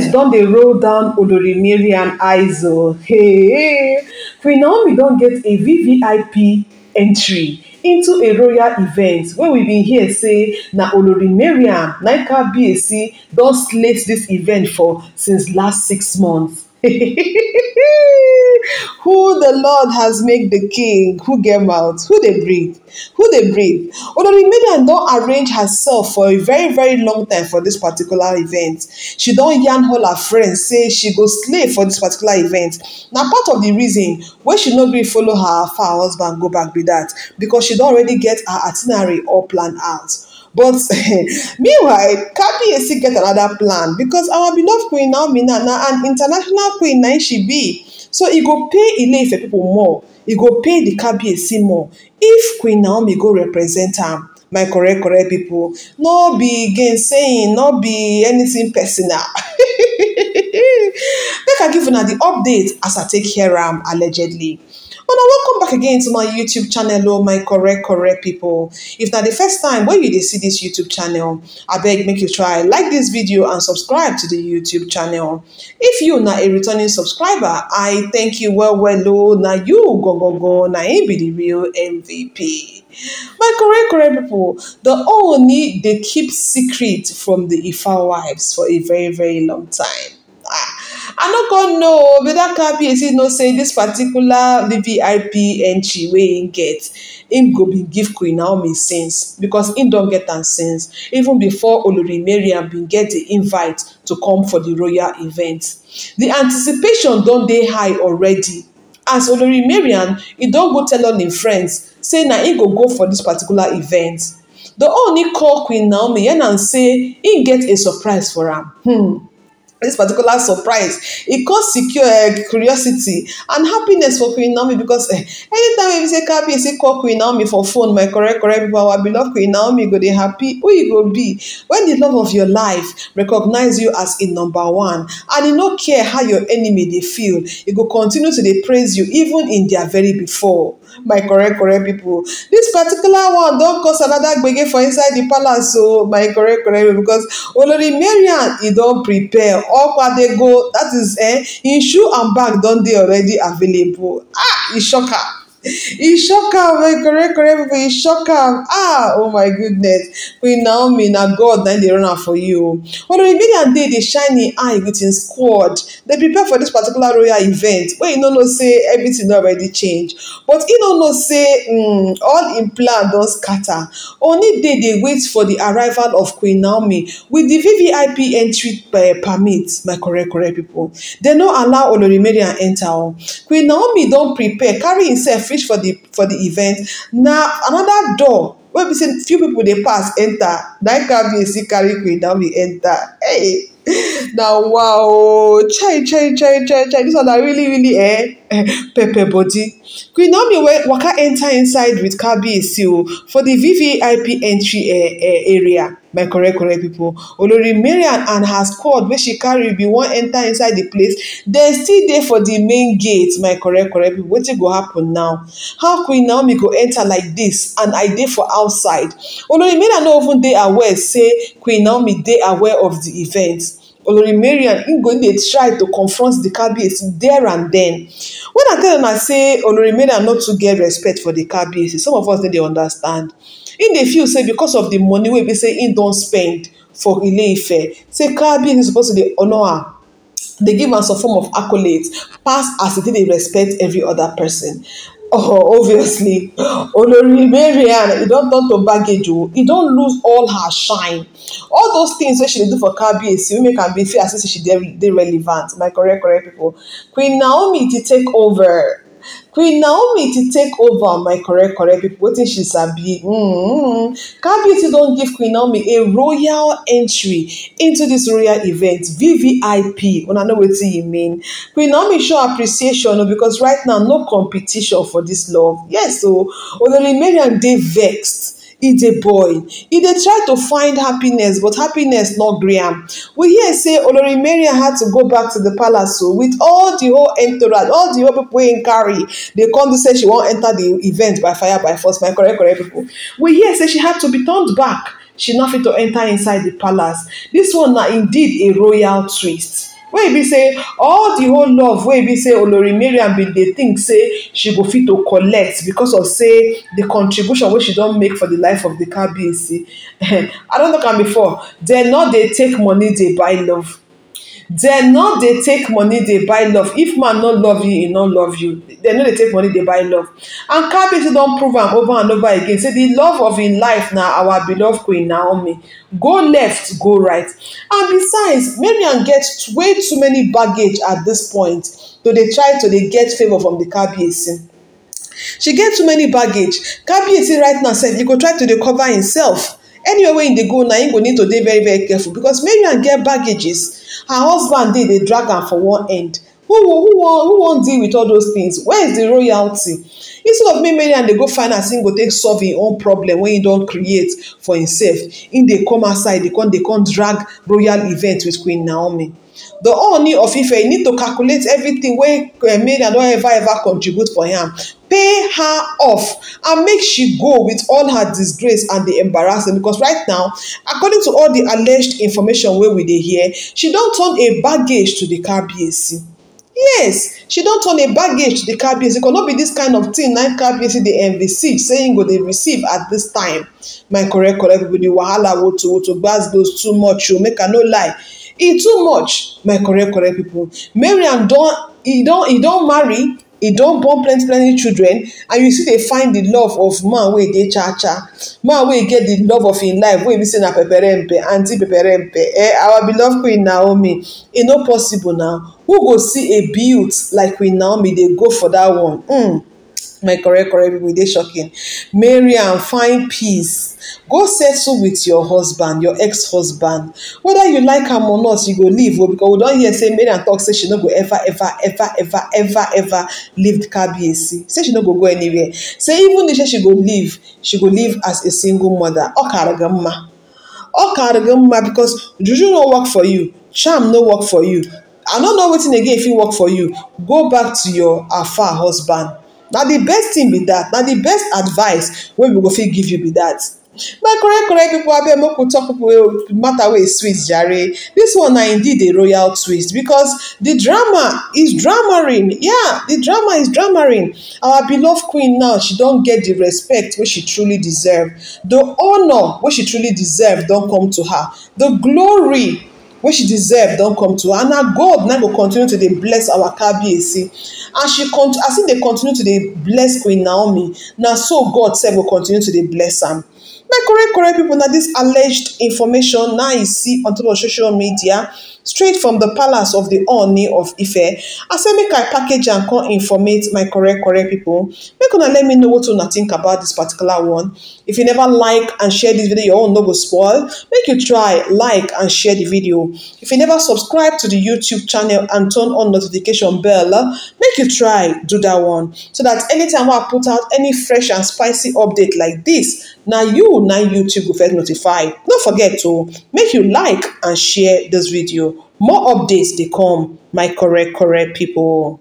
tears don dey roll down olorimariam eyes o hey queen naomi don get a vvip entry into a royal event wey we bin hear say na olorimariam nika bac don slate dis event for since last six months who the Lord has made the king, who gave out, who they breathe, who they breathe. Although Miriam don't arrange herself for a very, very long time for this particular event. She don't yarn all her friends, say she go slave for this particular event. Now, part of the reason why she not be follow her far husband go back be that, because she don't already get her itinerary all planned out. But meanwhile, Kabi still get another plan because our beloved Queen now Minana, an international queen now she be. So e go pay Ile-Ife people more, e go pay the Kabiyesi more if Queen Naomi go represent am. My correct correct people, no be gain saying, no be anything personal. make i give una the update as i take here am allegedly I welcome back again to my youtube channel oh my correct correct people. if na the first time when you dey see this youtube channel I beg make you try like this video and subscribe to the youtube channel if you na a returning subscriber i thank you well well o oh, na you go go na im be the real mvp my correct correct people. the only they keep secret from the ifa wives for a very very long time i no come know But that whether kabiyesi know say this particular VIP entry wey im get him go be give queen naomi since because im don get am since even before olori mariam bin get the invite to come for the royal event The anticipation don dey high already as olori mariam he don go tell all im friends say na im go go for this particular event the only call queen naomi yarn am say im get a surprise for am hmm this particular surprise it cause secure uh, curiosity and happiness for queen naomi because uh, anytime wey you say kabiyesi call queen naomi for phone my correct correct people our beloved queen naomi go dey happy who you go be when the love of your life recognize you as in number one and do not care how your enemy they feel you go continue to they praise you even in their very before my correct correct people this particular one don cause another gbege for inside the palace So my correct correct people because olori marian e don prepare go that is eh, In shoe and bag don dey already available ah e shock her He shock am, eh, correct, correct people, he shock am. Ah, oh my goodness. Queen Naomi, na God, na they run am for you. Although Emilia dey dey shine im eye with im squad, dey prepare for this particular royal event wey you no know say everything don already change. But you no know say um, all im plan don scatter. Only day dey wait for the arrival of Queen Naomi with the VVIP entry uh, permit, my correct, correct people. Dem no allow media and enter o. Queen Naomi don prepare, carry himself fish for the for the event Now another door where we say few people They pass enter na im kabiyesi carry queen we enter hey this wow ooo chai chai chai chai chai this one na really really eh, eh pepper body queen naomi waka enter inside with kabiyesi o oh, for the vvip entry eh, eh, area my correct correct people. olori mariam and her squad wey she carry bin wan enter inside the place dem still dey for the main gate my correct correct pipo wetin go happen now how queen naomi go enter like this and i dey for outside olori mariam no even dey aware say queen naomi dey aware of the event olori marian im go dey try to confront the kabiyesi there and then when i tell una say olori marian no too get respect for the kabiyesi some of us no dey understand im dey feel say because of the money wey be say im don spend for ile-ife say kabiyesi suppose to dey honour her dey give am some form of accolades pass as e dey respect every other person Oh, obviously, Olori Marian, you don't turn to baggage, oh. You don't lose all her shine. All those things that she do for KBS, women can be feel as if she they relevant. My correct, correct people. Queen Naomi to take over queen naomi ti take over my correct correct pipo wetin she sabi mm-hmm. kabiyesi don give queen naomi a royal entry into dis royal event vvip una know wetin e mean queen naomi show appreciation o because right now no competition for dis love yes o olori mariam dey vexed e dey boy e dey try to find happiness but happiness no gree am we hear say olori had to go back to the palace o with all the whole entourage all the whole people wey im carry dey come do say she wan enter the event by fire by force by correct correct people. we hear say she had to be turned back she no fit to enter inside the palace This one na indeed a royal twist wey e be say all the whole love wey e be say olori mariam bin dey think say she go fit to collect because of say the contribution wey she don make for the life of the car bnc i don tok am before dem no dey take money dey buy love dem no dey take money dey buy love if man no love you he no love you dem no dey take money dey buy love and kabiyesi don prove am over and over again say the love of im life na our beloved queen naomi go left go right and besides mariam get way too many baggage at this point to dey try to dey get favour from the kabiyesi she get too many baggage kabiyesi right now sef e go try to dey cover himself anywhere wey im dey go na im go need to dey very very careful because make and get baggages her husband dey dey drag am for one end who who wan who wan deal with all those things where is the royalty instead of me marry am dey go find as him go take solve him own problem wey him don create for himself him dey come outside dey come dey come drag royal event with queen naomi the Ooni of Ife need to calculate everything wey uh, eh, Mariam don ever ever contribute for am pay her off and make she go with all her disgrace and the embarrassment because right now according to all the alleged information wey we dey hear she don turn a baggage to the Kabiyesi yes she don turn a baggage to di cabbiecy because no be this kind of tin na cabbiecy dey um, receive say im go dey receive at this time my correct correct pipo di wahala woto woto gbas goes too much o oh, make i no lie e too much my correct correct pipo mariam don e don marry e don born plenty plenty children and you still dey find the love of man wey e dey cha cha man wey e get the love of im life wey e be say na peperempe aunty peperempe eh our beloved queen naomi e no possible now who go see a beaut like queen naomi dey go for that one mm. my correct correct people dey shocking mariam find peace go settle with your husband your ex-husband whether you like him or not you go leave o oh, because we don't hear say mariam talk say she no go ever ever ever ever ever ever leave kbac say she no go go anywhere say even if she go leave she go leave as a single mother ọ kara gị mma because juju no work for you charm no work for you i don't know wetin again if he work for you go back to your afar husband na the best thing be that. na the best advice wey we go fit give you be that. my correct correct pipo abeg make we talk pipo wey matter wey sweet jare This one na indeed a royal twist because the drama is dramarin yeah the drama is dramarin our beloved queen now she don get the respect wey she truly deserve The honour wey she truly deserve don come to her The glory wey she deserve don come to her and na god na go continue to dey bless our kabiyesi as she con. as e dey continue to dey bless queen naomi na so god sef go continue to dey bless am my correct correct pipo na dis alleged information na e see on top of social media straight from the palace of the Oni of Ife. I say make I package and come informate my correct correct people. Make una let me know what una think about this particular one. If you never like and share this video, your own no go spoil. Make you try like and share the video. If you never subscribe to the YouTube channel and turn on notification bell, make you try do that one so that anytime I put out any fresh and spicy update like this, now you now YouTube will first notify. Don't forget to make you like and share this video. More updates they come, my correct correct people.